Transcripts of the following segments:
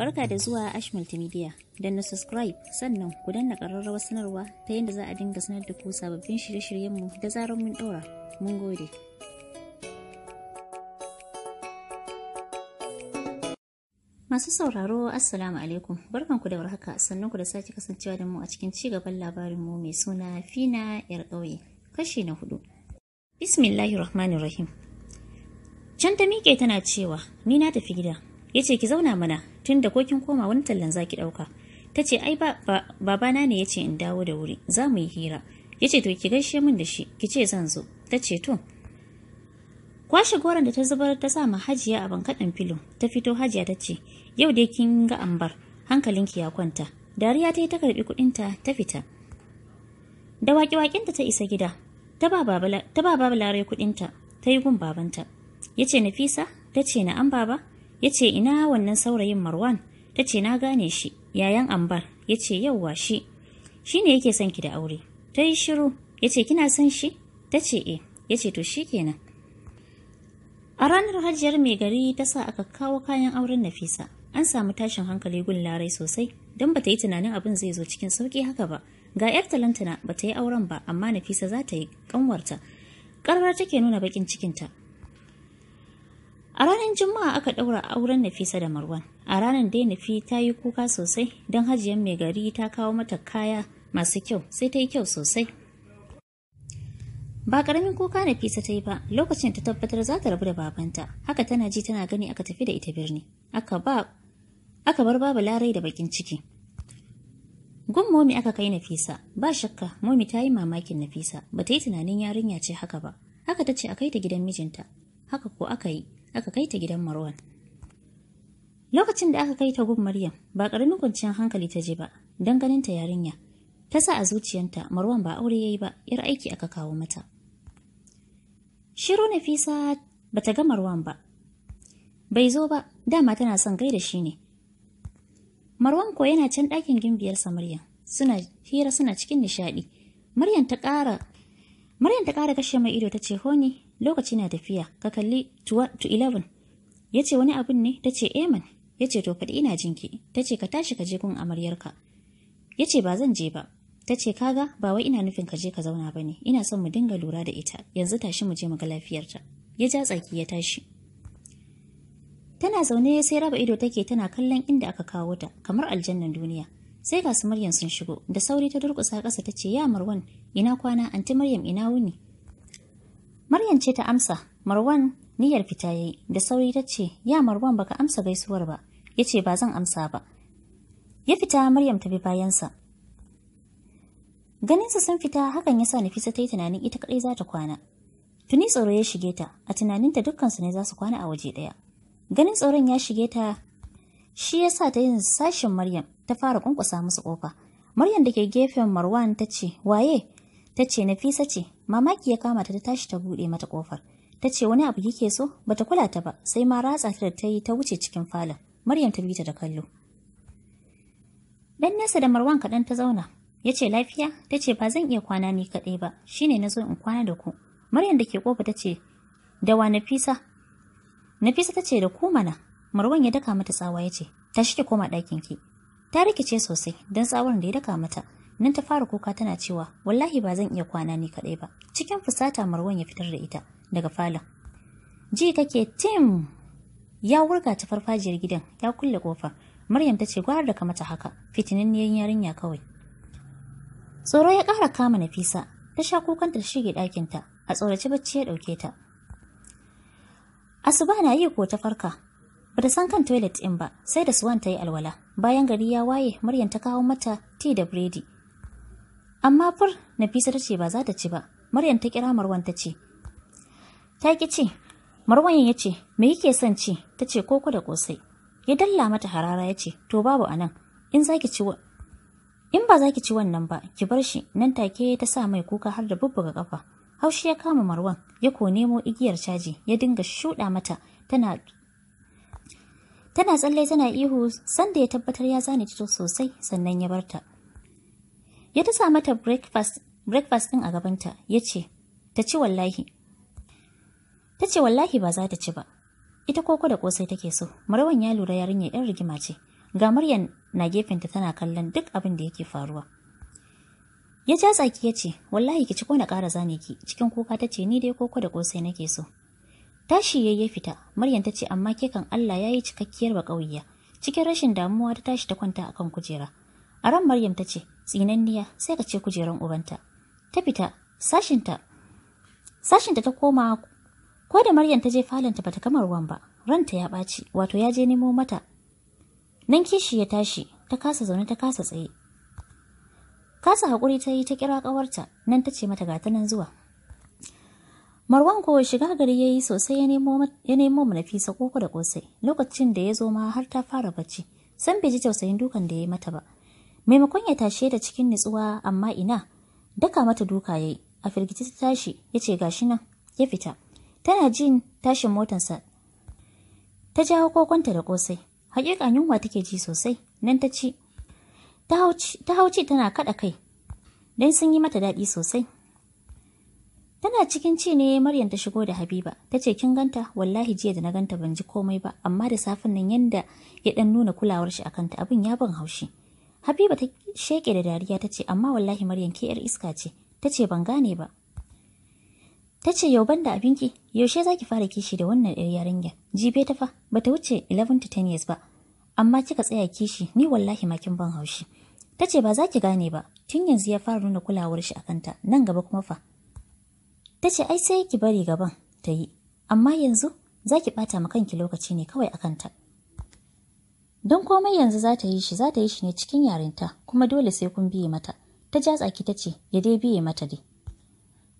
Barka da zuwa Ash Multimedia. Don na subscribe sannan ku danna ƙararrawar sanarwa ta yadda za a dinga sanar da ku sababbin shirye-shiryenmu da zarar mun ɗora. Mun gode. Masu sauraro Assalamu alaikum. Barkanku da warhaka sannan ku da sake kasancewa da mu a cikin ci gaban labarin mu mai suna Fina 'yar ƙauye. Kashi na hudu. Bismillahirrahmanirrahim. Can ta miƙe tana cewa, Ni na tafi gida, yace ki zauna mana tunda ko kin koma wani tallan za ki ɗauka ta ce ai babana ne ya ce in dawo da wuri za mu yi hira ya ce to ki gaishe min da shi ki ce zan zo ta ce to kwashe goron da ta zubar ta sa ma hajiya a bankaɗin filo ta fito hajiya ta ce yau dai kin ga ambar hankalinki ya kwanta dariya ta yi ta karɓi kuɗinta ta fita da waƙe-waƙenta ta isa gida ta ba babu larai kuɗinta ta yi gun babanta ya ce nafisa ta ce an baba ya ce ina wannan saurayin marwan ta ce na gane shi yayan ambar ya ce yauwa shi shi ne yake son ki da aure ta yi shiru ya ce kina son shi ta ce e eh. ya ce to shi kenan a ranar hajiyar mai gari ta sa aka kawo kayan auren nafisa an samu tashin hankali gun larai sosai don bata yi tunanin abin zai zo cikin sauki haka ba ga yar talantana bata yi auren ba amma nafisa za ta yi kanwarta ƙarar take nuna bakin cikinta A ranar Juma'a aka ɗaura auren Nafisa da Marwan. A ranar dai Nafi ta yi kuka sosai don hajiyar mai gari ta kawo mata kaya masu kyau sai ta yi kyau sosai. Ba ƙaramin kuka Nafisa ta yi ba lokacin ta tabbatar za ta rabu da babanta. Haka tana ji tana gani aka tafi da ita birni. Aka bar babu larai da bakin ciki. Gun momi aka kai Nafisa, ba shakka momi ta yi mamakin Nafisa, ba ta yi tunanin yarinya ce haka ba. Haka ta ce a kai ta gidan mijinta, haka ko aka yi, aka kai ta gidan Marwan. Lokacin da aka kai ta gun Maryam, ba ƙaramin kwanciyar hankali ta je ba, don ganin ta yarinya. Ta sa a zuciyanta Marwan ba aure ya yi ba, yar aiki aka kawo mata. Shiru Nafisa ba ta ga Marwan ba. Bai zo ba, dama tana son da shi ne. Marwan ko yana can ɗakin gimbiyarsa Maryam, suna hira suna cikin nishaɗi. Maryam ta ƙara Maryam ta ƙara kashe mai ido ta ce honi lokaci na tafiya ka kalli to 11 ya ce wani abin ne ta ce eman eh, ya ce to faɗi ina jinki ta ce ka tashi ka je kun amaryarka ya ce ba zan je ba ta ce kaga ba wai ina nufin ka je ka zauna ba ne ina son mu dinga lura da ita yanzu tashi mu je mu ga lafiyarta ya ja tsaki ya tashi tana zaune sai raba ido take tana kallon inda aka kawo ta kamar aljannan duniya sai ga su Maryam sun shigo da sauri ta durƙusa ƙasa ta ce ya Marwan ina kwana anti Maryam ina wuni Maryam ce ta amsa, Marwan niyyar fita yayi da sauri ta ce, "Ya Marwan baka amsa gaisuwar ba." Ya ce ba zan amsa ba. Ya fita Maryam ta bi bayansa. Ganinsa sun fita hakan ya yasa Nafisa ta yi tunanin ita kaɗai za ta kwana. Tuni tsoro ya shige ta, a tunaninta dukkansu ne za su kwana a waje ɗaya. Ganin tsoron ya shige ta shi sa ta yin sashen Maryam ta fara ƙunƙusa musu ƙofa Maryam da ke gefen Marwan ta ce, "Waye?" ta ce Nafisa ce mamaki ya kama ta tashi ta bude mata kofar ta ce wani abu yake so bata kula ta ba sai ma ratsa ta da ta yi ta wuce cikin falon Maryam ta bi ta da kallo Dan nasa da Marwan kaɗan ta zauna ya ce lafiya ta ce ba zan iya kwana ni kaɗai ba shine na zo in kwana da ku Maryam da ke kofa ta ce da wa Nafisa Nafisa ta ce da ku mana Marwan ya daka mata tsawa ya ce Ta ki koma ɗakin ki ta rikice sosai don tsawon da ya daka mata nan ta fara kuka tana cewa wallahi ba zan iya kwana ni kadai ba cikin fusata marwan ya fitar da ita daga falon ji kake tim ya wurga ta farfajiyar gidan ya kulle kofar maryam ta ce gwara da ka mata haka fitinanniyar yarinya kawai tsoro ya kara kama nafisa ta sha kukanta ta shige ta a tsoraci bacci ya ɗauke ta asuba na yi ko ta farka Ba ta san kan toilet ɗin ba sai da suwan ta yi alwala bayan gari ya waye maryam ta kawo mata tea da biredi amma fur nafisa ta ce ba za ta ci ba maryam ta kira marwan ta ce ta ki ce marwan ya ce me yake son ci ta ce koko da kosai ya dalla mata harara ya ce to babu anan in za ki ci in ba za ki ci wannan ba ki bar shi nan take ta sa mai kuka har da bubbuga kafa haushi ya kama marwan ya ko nemo igiyar caji ya dinga shuɗa mata tana tana tsalle tana ihu sanda ya tabbatar ya zane ta sosai sannan ya barta ya ta sa mata breakfast breakfast din a gabanta ya ce ta ci wallahi ta ce wallahi ba za ta ci ba ita koko da kosai take so marwan ya lura yarinya yan rigima ce ga Maryam na gefenta tana kallon duk abin da yake faruwa ya ja tsaki ya ce wallahi ki ci ko na ƙara zane ki cikin kuka ta ce ni dai koko da kosai nake so tashi yayi fita Maryam ta ce amma ke kan Allah ya yi cikakkiyar ba cikin rashin damuwa ta tashi ta kwanta akan kujera a ran Maryam ta ce tsinanniya sai ka ce kujeran ubanta ta fita sashinta sashinta ta koma ko da maryam ta je falanta bata kamar ruwan ba ranta ya baci wato ya je nemo mata nan kishi ya tashi ta kasa zaune ta kasa tsaye kasa hakuri ta yi ta kira ƙawarta nan ta ce mata ga ta nan zuwa Marwan ko shiga gari ya yi sosai ya nemo mu Nafisa koko da kosai lokacin da ya zo ma har ta fara bacci san bai ji tausayin dukan da ya yi mata ba maimakon ya tashe da cikin nutsuwa amma ina daka mata duka yayi a firgice ta tashi yace gashi nan ya fita tana jin tashin motarsa ta jawo kokonta da kosai hakika yunwa take ji sosai nan ta ci ta hauci tana kada kai don sun yi mata daɗi sosai tana cikin ci ne Maryam ta shigo da Habiba tace kin ganta wallahi jiya da na ganta ban ji komai ba amma da safin nan yanda ya dan nuna kulawar shi akanta abin ya ban haushi Habiba ta sheke da dariya ta ce amma wallahi Maryam ke yar iska ce. Ta ce ban gane ba. Ta ce yau banda abinki yaushe ki fara kishi da wannan yar yarinya. Jibe ta fa Ba ta wuce 11 to 10 years ba. Amma kika tsaya kishi ni wallahi makin ban haushi. Ta ce ba za ki gane ba tun yanzu ya fara nuna kulawar shi akan ta nan gaba kuma fa. Ta ce ai sai ki bari gaban ta yi amma yanzu za ki ɓata ma kanki lokaci ne kawai akan ta. don komai yanzu za ta yi shi za ta yi shi ne cikin yarinta kuma dole sai kun biye mata ta ja tsaki ta ce ya dai biye mata dai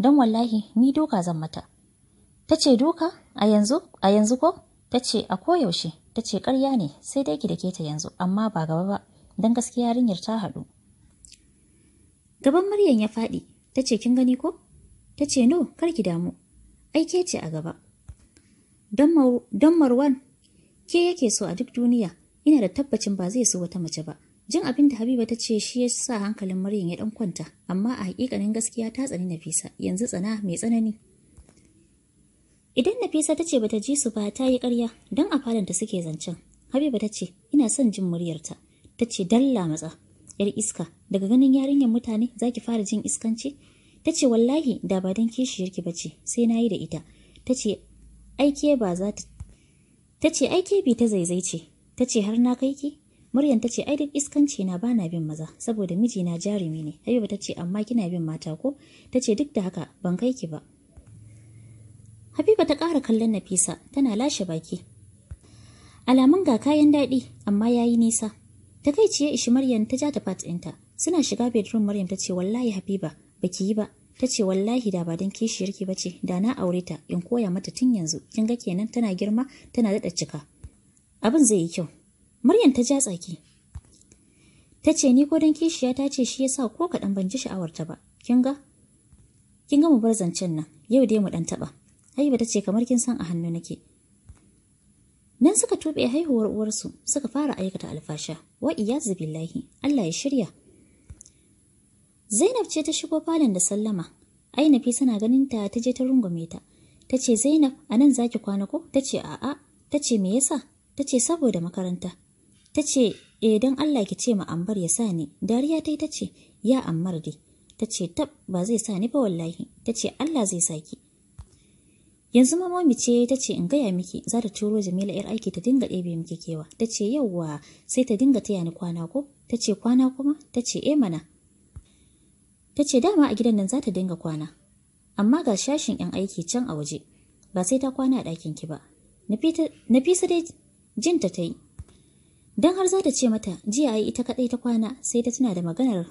don wallahi ni doka zan mata ta ce doka a yanzu a yanzu ko ta ce a koyaushe ta ce karya ne sai dai ki da ke ta yanzu amma ba gaba ba don gaskiya yarinyar ta haɗu gaban muryan ya faɗi ta ce kin gani ko ta ce no kar ki damu aike ce a gaba don marwan ke yake so a duk duniya ina da tabbacin ba zai so wata mace ba jin abin da habiba ta ce shi ya sa hankalin maryam ya dan kwanta amma a hakikanin gaskiya ta tsani nafisa yanzu tsana mai tsanani idan nafisa ta ce bata ji su ba ta yi karya don a falon ta suke zancen habiba ta ce ina son jin muryarta ta ce dalla matsa yar iska daga ganin yarinyar mutane za ki fara jin iskanci ta ce wallahi da ba don kishiyarki ba ce sai na yi da ita ta ce aike ba za ta ta ce aike bi ta zaizai ce ta ce har na kai ki Maryam ta ce ai duk iskanci na bana bin maza saboda miji na jarumi ne. Habiba ta ce amma kina bin mata ko? Ta ce duk da haka ban kai ki ba. Habiba ta ƙara kallon Nafisa tana lashe baki. Alamun ga kayan daɗi amma yayi nisa. Ta kai ciye ishi Maryam ta ja ta fat ɗinta. Suna shiga bedroom Maryam ta ce wallahi Habiba baki yi ba. Ta ce wallahi da ba don kishiyarki ba ce da na aure ta in koya mata tun yanzu. Kin ga kenan tana girma tana daɗa cika. abin zai yi kyau Maryam ta ja tsaki ta ce ni ko dan kishiya ta ce shi yasa ko kaɗan ban ji sha'awarta ba kin ga kin ga mu bar zancen nan yau dai mu ɗan taɓa Haiba ta ce kamar kin san a hannu nake nan suka tuɓe haihuwar uwarsu suka fara aikata alfasha wa iyazu billahi Allah ya shirya Zainab ce ta shigo falon da sallama fi sana ganin ta ta je ta rungume ta tace Zainab anan zaki kwana ko tace a'a tace me yasa ta ce saboda makaranta ta ce e don Allah ki ce ma Ambar ya sa ni dariya ta yi ta ce ya Ammar dai ta ce tab ba zai sa ni ba wallahi ta ce Allah zai sa ki yanzu ma mami ce ta ce in gaya miki za ta turo Jamila yar aiki ta dinga ɗebe miki kewa ta ce yauwa sai ta dinga taya ni kwana ko ta ce kwana kuma ta ce e mana ta ce dama a gidan nan za ta dinga kwana amma ga shashin yan aiki can a waje ba sai ta kwana a ɗakin ki ba Na Nafisa dai jinta ta yi Don har za ta ce mata jiya ai ita kadai ta kwana sai ta tuna da maganar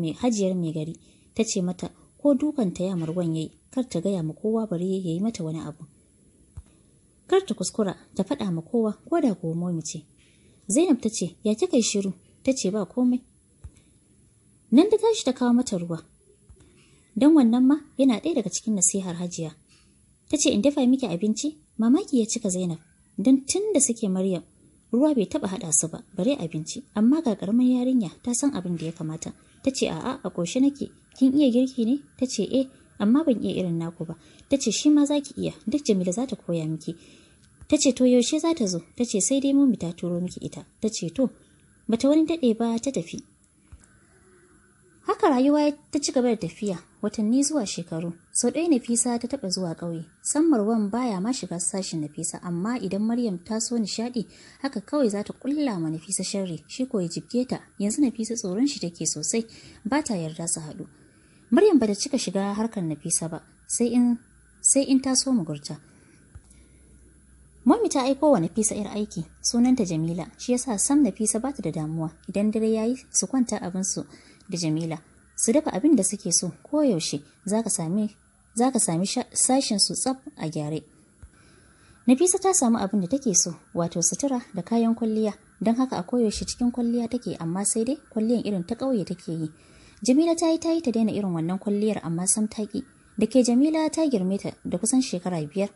mai hajiyar mai gari ta ce mata ko dukan ta ya marwan yayi kar ta gaya ma kowa bari yayi mata wani abu kar ta kuskura ta faɗa ma kowa ko da ko momi ce Zainab ta ce ya kika yi shiru ta ce ba komai nan da tashi ta kawo mata ruwa Don wannan ma yana ɗaya daga cikin nasihar hajiya ta ce in dafa miki abinci mamaki ya cika Zainab don tun da suke Maryam ruwa bai taba hada su ba bare abinci amma ga karamar yarinya ta san abin da ya kamata ta ce a'a a koshi nake kin iya girki ne ta ce eh amma ban iya irin naku ba ta ce shi ma zaki iya duk Jamila za ta koya miki ta ce to yaushe za ta zo ta ce sai dai mu ta turo miki ita ta ce to bata wani dade ba ta tafi Haka rayuwa ta ci gaba da tafiya, watanni zuwa shekaru. Sau ɗaya Nafisa ta taɓa zuwa ƙauye. San Marwan baya ma shiga sashin Nafisa, amma idan Maryam ta so nishaɗi, haka kawai za ta ƙulla ma Nafisa sharri, shi ko ya jibge ta. Yanzu Nafisa tsoron shi take sosai, ba ta yarda su haɗu. Maryam ba ta cika shiga harkar Nafisa ba, sai in sai in ta so mugurta. Mami ta aiko wa Nafisa ‘yar aiki, sunanta Jamila, shi yasa sam Nafisa ba ta da damuwa, idan dare ya yi su kwanta abinsu. su. da Jamila su dafa abin da suke so koyaushe za ka sami sashen su tsaf a gyare. Nafisa ta samu abin da take so wato sutura da kayan kwalliya don haka a koyaushe cikin kwalliya take amma sai dai kwalliyan irin ta ƙauye take yi. Jamila ta yi ta yi ta daina irin wannan kwalliyar amma sam ta ki. Da ke Jamila ta girme ta da kusan shekara biyar.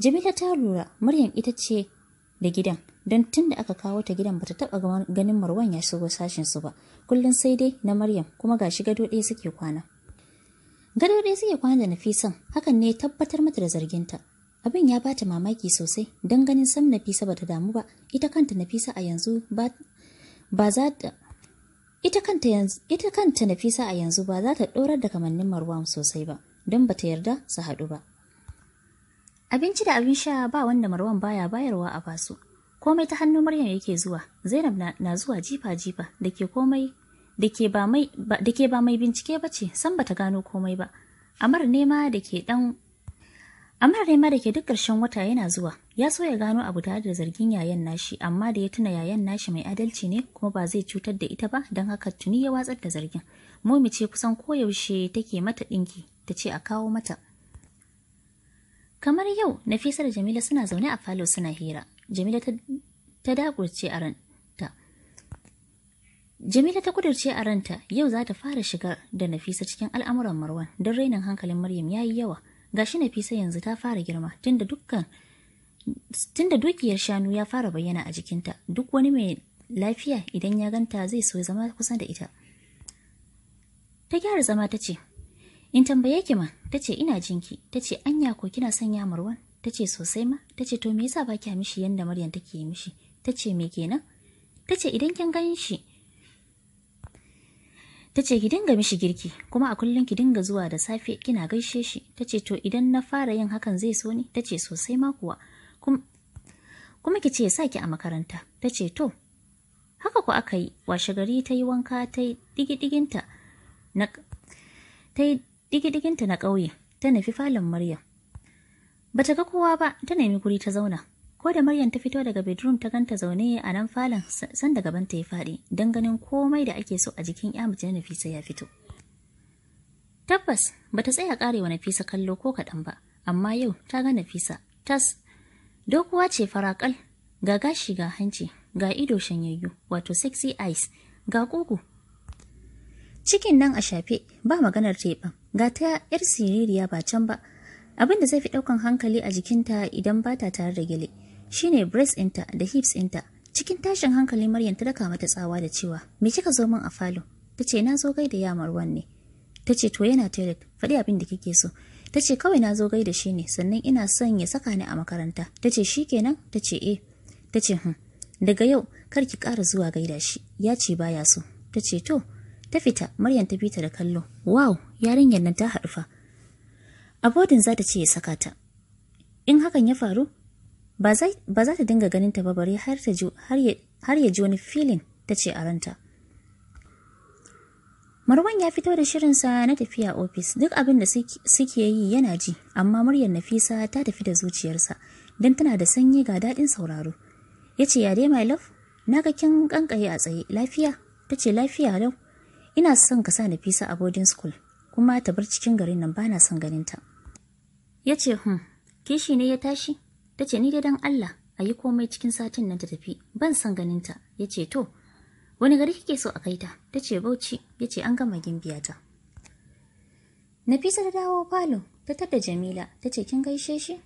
Jamila ta lura Maryam ita ce da gidan don tun da aka kawo ta gidan bata taba ganin Marwan ya shigo sashin su ba kullum sai dai na Maryam kuma gashi gado ɗaya suke kwana gado ɗaya suke kwana da Nafisan hakan ne tabbatar mata da zarginta abin ya bata mamaki sosai don ganin sam Nafisa bata damu ba ita kanta Nafisa a yanzu ba ba za ta ita kanta yanzu ita kanta Nafisa a yanzu ba za ta dorar da kamannin Marwan sosai ba don bata yarda su haɗu ba Abinci da abin sha ba wanda Marwan baya bayarwa a basu. Komai ta hannu Maryam yake zuwa. Zainab na, na zuwa jifa-jifa da ke komai da ke ba mai bincike ba ce san bata gano komai ba. Amar nema da ke duk ƙarshen wata yana zuwa. Ya so ya gano abu tare da zargin yayan nashi amma da ya tuna yayan nashi mai adalci ne kuma ba zai cutar da ita ba don haka tuni ya watsar da zargin. Momi ce kusan koyaushe take mata ɗinki ta ce a kawo mata. kamar yau nafisa da jamila suna zaune a falo suna hira jamila ta, ta dakurce a ranta jamila ta kudurce a ranta yau za ta fara shiga da nafisa cikin al'amuran marwan don rainin hankalin maryam ya yi yawa gashi nafisa yanzu ta fara girma tunda dukkan dukiyar shanu ya fara bayyana a jikinta duk wani mai lafiya idan ya ganta zai so zama kusa da ita ta gyara zama ta ce in tambaye ki ma ta ce ina jinki ta ce anya ko kina sanya marwan ta ce sosai ma ta ce to me yasa ba kya mishi yanda maryam take yi mishi ta ce me kenan ta ce idan kin gan shi ta ce ki dinga mishi girki kuma a kullum ki dinga zuwa da safe kina gaishe shi ta ce to idan na fara yin hakan zai so ni ta ce sosai ma kuwa kuma ki ce sa ki a makaranta ta ce to haka ku aka yi washe gari ta yi wanka ta yi digidiginta na ta yi digidiginta na ƙauye ta nufi falon Maryam. Bata ga kowa ba ta nemi guri ta zauna. Ko da Maryam ta fito daga bedroom ta ganta zaune a nan falon san da ta ya faɗi don ganin komai da ake so a jikin ya na Nafisa ya fito. Tabbas bata tsaya karewa Nafisa kallo ko kaɗan ba, amma yau ta ga Nafisa tas dokuwa ce farakal ga gashi ga hanci ga ido shanyayyu wato sexy eyes ga ƙugu cikin nan a shafe ba maganar teɓa ga ta yar siririya ba can ba abin da zai fi ɗaukan hankali a jikinta idan ba ta tare da gele shine breast ɗinta da hips ɗinta cikin tashin hankali maryam ta daka mata tsawa da cewa me kika zo min a falo tace ce na zo gai da yamar wanne ta ce to yana toilet faɗi abin da kike so ta ce kawai na zo gai da shi ne sannan ina son ya saka ni a makaranta ta ce kenan ta ce eh ta ce hmm. daga yau kar ki kara zuwa gaida shi yace baya so ta ce to Ta fita, Maryam ta fita da kallo. Wow, yarinyar nan ta haɗufa. Abodin za ta ce ya saka ta. In hakan ya faru, ba za ta dinga ganin ta ba bare har ya ji wani filin ta ce a ranta. Marwan ya fito da shirin sa na tafiya ofis duk abin da suke yi yana ji, amma Maryam Nafisa ta tafi da zuciyarsa don tana da sanyi ga daɗin sauraro. Ya ce, Yade my love, na ga kin kankaye a tsaye, lafiya? Ta ce, lafiya lau. ina son ka sa Nafisa a boarding school kuma ta bar cikin garin nan bana son ganinta. ta ya ce hmm, kishi ne ya tashi ta ce ni dai dan Allah ayi komai cikin satin nan ta tafi ban son ganinta, ta ya ce to wani gari kike so a kai ta ta ce bauchi ya ce an gama gimbiya ta Nafisa ta dawo falo ta tada Jamila ta ce kin gaishe shi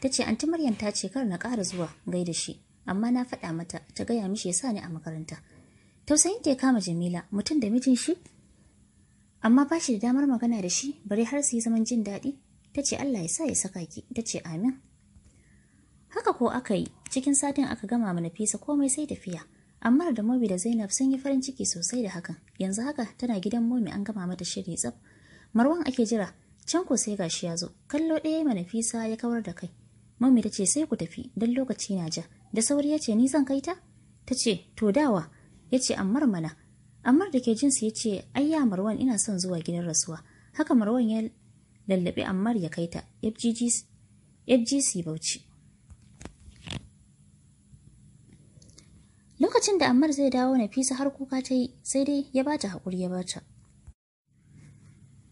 ta ce anti Maryam ta ce kar na ƙara zuwa gaida shi amma na faɗa mata ta gaya mishi ya sa ni a makaranta tausayin ta ya kama jamila mutum da mijin shi amma ba shi da damar magana da shi bari har su yi zaman jin daɗi ta ce allah ya sa ya saka ki ta ce amin haka ko aka yi cikin satin aka gama mana fisa komai sai tafiya Amma da Momi da Zainab sun yi farin ciki sosai da hakan. Yanzu haka tana gidan Momi an gama mata shiri tsaf. Marwan ake jira. Can ko sai gashi ya zo. Kallo ɗaya mana Nafisa ya kawar da kai. Momi ta ce sai ku tafi don lokaci na ja. Da sauri ya ce ni zan kai ta? Ta ce to dawa ya ammar mana ammar da ke jinsu ya ce ayya marwan ina son zuwa gidan rasuwa haka marwan ya lallabe ammar ya kai ta fgc bauchi lokacin da ammar zai dawo nafisa har kuka ta yi sai dai ya bata haƙuri ya bata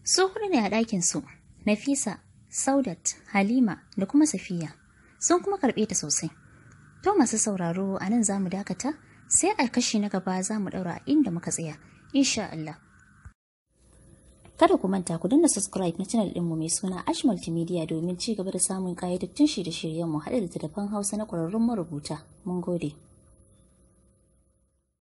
su hudu ne a ɗakin su nafisa saudat halima da kuma safiya sun kuma karɓe ta sosai to masu sauraro a nan za mu dakata sai a kashi na gaba za mu ɗaura inda muka tsaya insha Allah kada ku manta ku danna subscribe na channel ɗinmu mai suna Ash Multimedia domin ci gaba da samun ƙayyadattun shirye-shiryenmu haɗa da tattafan Hausa na ƙwararrun marubuta mun gode